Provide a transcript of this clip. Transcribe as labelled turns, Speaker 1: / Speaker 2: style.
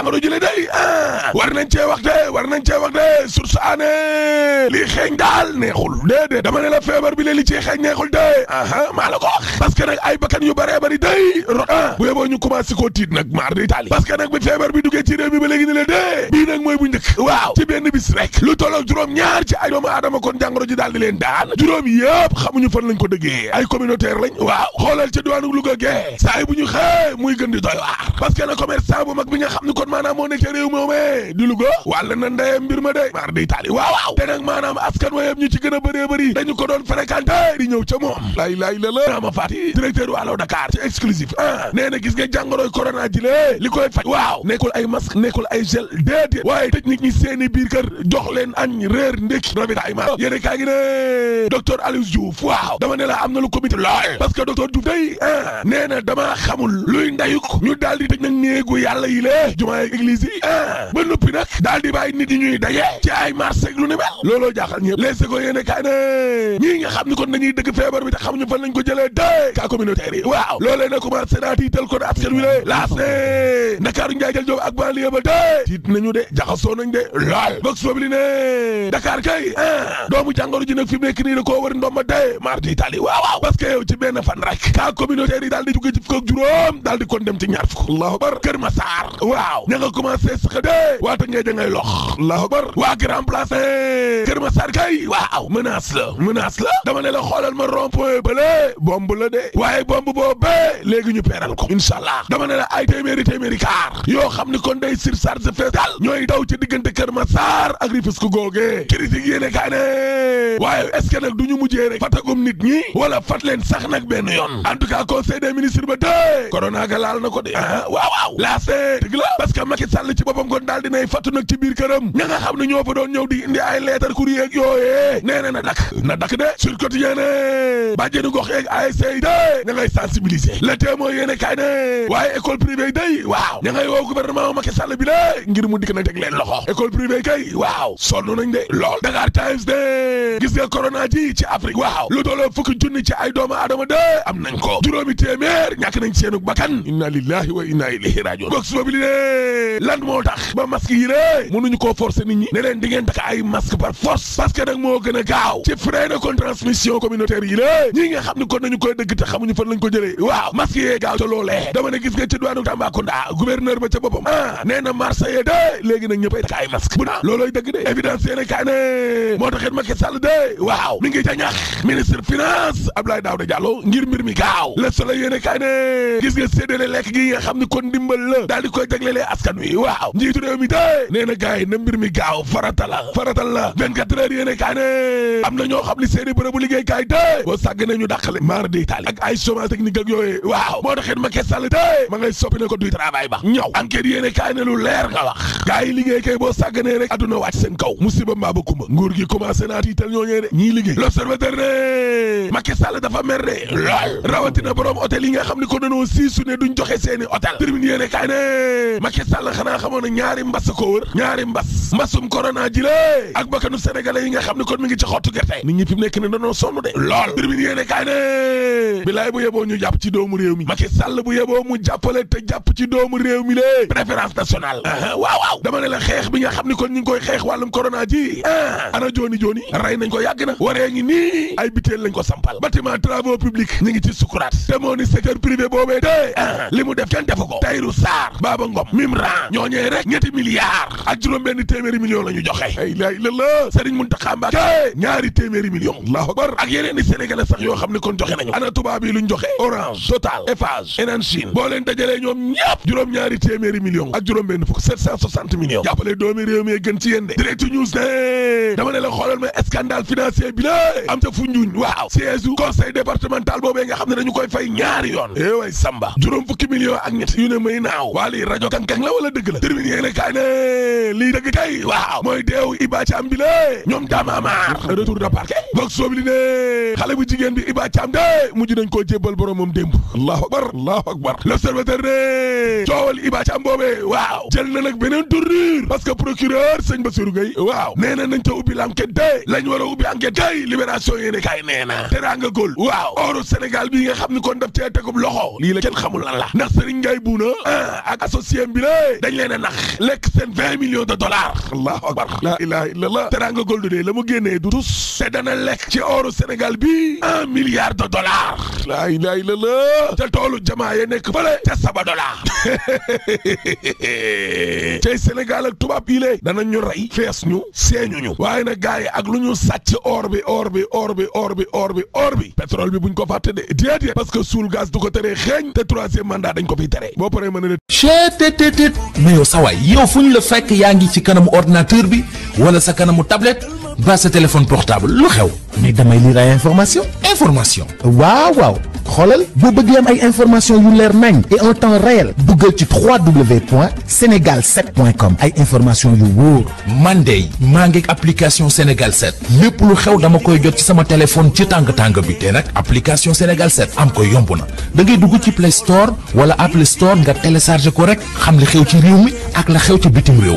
Speaker 1: jaamaro ji le day ah war nañ cee wax de war nañ cee wax de source aané lii xeeñ daal neexul déedéet dama ne la feebar bi le li ciy xeeñ neexul de aha maa la ko wax parce ay bakkan yu bare bari day rot ah, bu yeboo ñu commencé tiit nag maar di taali parce que bi feebar bi duggee ci réew ba léegi ne la dee bii nag mooy bu njëkk waaw ci benn bis rek lu tolloog juróom ñaar ci ay doomu aadama kon jàngoro daal di leen daan juróom yëpp xamuñu fan lañ ko dëggee ay communautaire lañ waaw xoolal ci diwaanu Louga gee saa yi bu ñu xëy muy gën di doy waar maanaam moo nekk ca réew moomee di Louga wàll na ndeyam mbir ma de maar di taali waaw waaw te nag maanaam askan wa ñu ci gën a bëree bëri dañu ko doon fréquenté di ñëw ca moom laay laay la la naama faati directeur wàllu Dakar ci exclusif ah na gis nga jàngoroy corona ji lee li koy faj waaw nekkul ay masque nekkul ay gel déedéet waaye technique ñi seeni biir kër jox leen añ réer ndékki ravitaillement yéene kaa ngi ne docteur Aloyse Diouf waaw dama ne la am na lu comité lool parce que docteur Diouf day ah nee na dama xamul luy ndayuk ñu daal di tëj nag néegu yàlla yi jumaa yeeg église yi ba noppi nag daal di bàyyi nit ñuy daje ci ay marché lu ni mel looloo jaaxal ñëpp les seco yéene kaay ne ñii nga xam ni kon dañuy dëgg feebar bi te xamuñu fan lañ ko jëlee dee cas communautaire yi waaw loolee na commencé naa tiital kon askan wi la laas ne Ndakaaru jël joob ak banlieue ba dee tiit nañu de jaxasoo nañ de lool boog soob li ne Dakar kay ah doomu jàngoro ji nag fi mu nekk nii da koo war ndomba dee mardi tali waaw waaw parce que ci benn fan rek cas communautaire yi daal di jóge ci fukk juróom daal di kon dem ci ñaar fukk allahu akbar ña commencé sax de waa Tëngéej da ngay lox allah akbar wa ki remplacé Kër sar kay waaw menace la menace la dama ne la xolal ma rond-point bële bomb la de waye bombe bobé légui ñu péral ko inshallah dama ne la ay téméré téméré car yo xamni kon day surcharge fees daal ñoy daw ci diggante Kër sar ak ko gogé critique yéene kay né waye est-ce que nak duñu mujjé rek fatagum nit ñi wala fat leen sax nak ben yoon en tout cas conseil des ministres ba dé corona ga laal nako dé de ah, waaw waaw laasé dëgg la parce que que Macky Sall ci boppam kon daal dinay fattu nag ci biir këram ña nga xam ne ñoo fa doon ñëw di indi ay lettre courrier ak yooyee nee na na dakk na dakk de sur quotidien ne bàjjenu gox yeeg ASC de ña ngay sensibiliser le témoin yéene kaay ne waaye école privée day waaw ña woo gouvernement Macky Sall bi ngir mu dikk na teg leen loxo école privée kay waaw sonn nañ de lool Dakar Times de gis nga corona ji ci Afrique waaw lu tolloo fukki junni ci ay doomu aadama lan moo tax ba masque yi ré mënuñu koo forcer nit ñi ne leen di ay masque par force parce nag moo gën a gaaw ci frais de transmission communautaire yi ñi nga xam ne kon nañu koy dëgg te xamuñu fan lañ ko jëlee waaw masque yee gaaw ca loolee dama ne gis nga ci duwaanu Tambacounda gouverneur ba ca boppam ah, nee na Marseille de léegi nag ñëppay takk ay masque bu naa ah, loolooy dëgg de évidence yéene kaay ne moo taxit Macky Sall de waaw mi ngi ca ñax ministre askan wi waaw njiitu réew mi tey nee na gars na mbir mi gaaw farata la faratal la 24 heures ne am na ñoo xam ne seeni bërëbu liggéey kaay tey boo sàgg nañu dàqale maar di taali ak ay chômage technique ak yooyu waaw moo taxit Macky Sall tey ma ngay soppi ne ko duy travail ba ñëw enquête yéene kaay ne lu leer nga wax gars yi boo sàgganee rek adduna wàcc seen kaw musiba mbaa ba kumba nguur gi commencé naa tiital ñooñee de ñii liggéey l'observateur ne Macky Sall dafa mer de lool rawatina borom hôtel yi nga xam ne ko dañoo siisu ne joxe seeni hôtel termine Macky Sall xanaa xamoon na ñaari mbas ko wër ñaari mbas mbasum corona ji lée ak bakkanu sénégalais yi nga xam ne kon mi ngi ci xottu gerte nit ñi fi mu nekk ne danoo sonn de lool bir bi yéene bu yeboo ñu jàpp ci doomu réew mi Macky Sall bu yeboo mu jàppale te jàpp ci mi lée préférence waaw waaw dama ne la xeex bi nga xam ni kon ñu ngi koy xeex wàllum corona ji ah ana jooni jooni rey nañ ko yàgg na waree ngi nii ay biteel lañ ko sampal bâtiment travaux publics ñu ngi ci sukuraat te moo ni secteur ah, li def kenn defu ko Tahirou Sarr Baba deuxième rang ñooñee rek ñetti milliards ak juróom benn téeméeri million la ñu joxe ay laay la la Serigne Mountakha Mbacké ñaari téeméeri million allahu akbar ak yeneen i sax yoo xam ne kon joxe nañu ana tubaab yi lu ñu joxe Orange Total Eiffage Enan Chine boo dajalee ñoom ñëpp juróom ñaari téeméeri million ak juróom benn fukk 760 millions jàppale doomi réew mi gën ci yéen de Direct News ne dama ne la xoolal ma scandale financier bi la am ta fu nga xam ne dañu koy fay ñaari yoon eh way Samba juróom fukki millions ak ñett yu kañ la wala dëgg la termine yéene kaay ne lii dëgg kay waaw mooy deew Iba bi le ñoom daamamaar retour de parquet vox sobli ne xale bu jigéen bi Iba Caam de mujj nañ koo jébbal boromam démb allahu akbar allahu akbar l'observateur ne coowal Iba Caam boobee waaw jël na nag beneen tournure parce que procureur sëñ Bassirou waaw nee nañ ca ubbi l'enquête de lañ war a ubbi enquête kay libération yéene kaay nee na teranga gol waaw oru Sénégal bii nga xam ni kon daf cee dañ leen a nax lekk seen vingt millions de dollars allahu akbar la ilaha illallah teranga goldu dee la mu génnee du tus te dana lekk ci ooru Sénégal bi un milliard de dollars la ilaha ca toolu jamaa ya nekk fële te saba dollar tey Sénégal ak tubaab yi lée dana ñu rey fees ñu seeñu ñu waaye nag gars yi ak lu ñu sàcc or bi or bi or bi or bi or bi or bi pétrole bi buñ ko fàtte de déedéet parce que suul gaz du ko xeeñ te troisième mandat dañ ko fiy teree boo paree mën déedéet mais yow sa la fekk yaa ngi ci kanamu ordinateur bi wala sa kanamu tablette ba sa téléphone portable lu xew mais damay lire ay information information waaw waaw xoolal boo bëgg am ay information yu leer nañ et en temps réel duggal ci www.senegal7.com ay information yu woor man de maa application senegal 7 lépp lu xew dama koy jot ci sama téléphone ci tàng tàng bi te nag application senegal 7 am ko yomb na da ngay dugg ci Play Store wala Apple Store nga télécharge ko rek xam li xew ci réew mi ak la xew ci bitim réew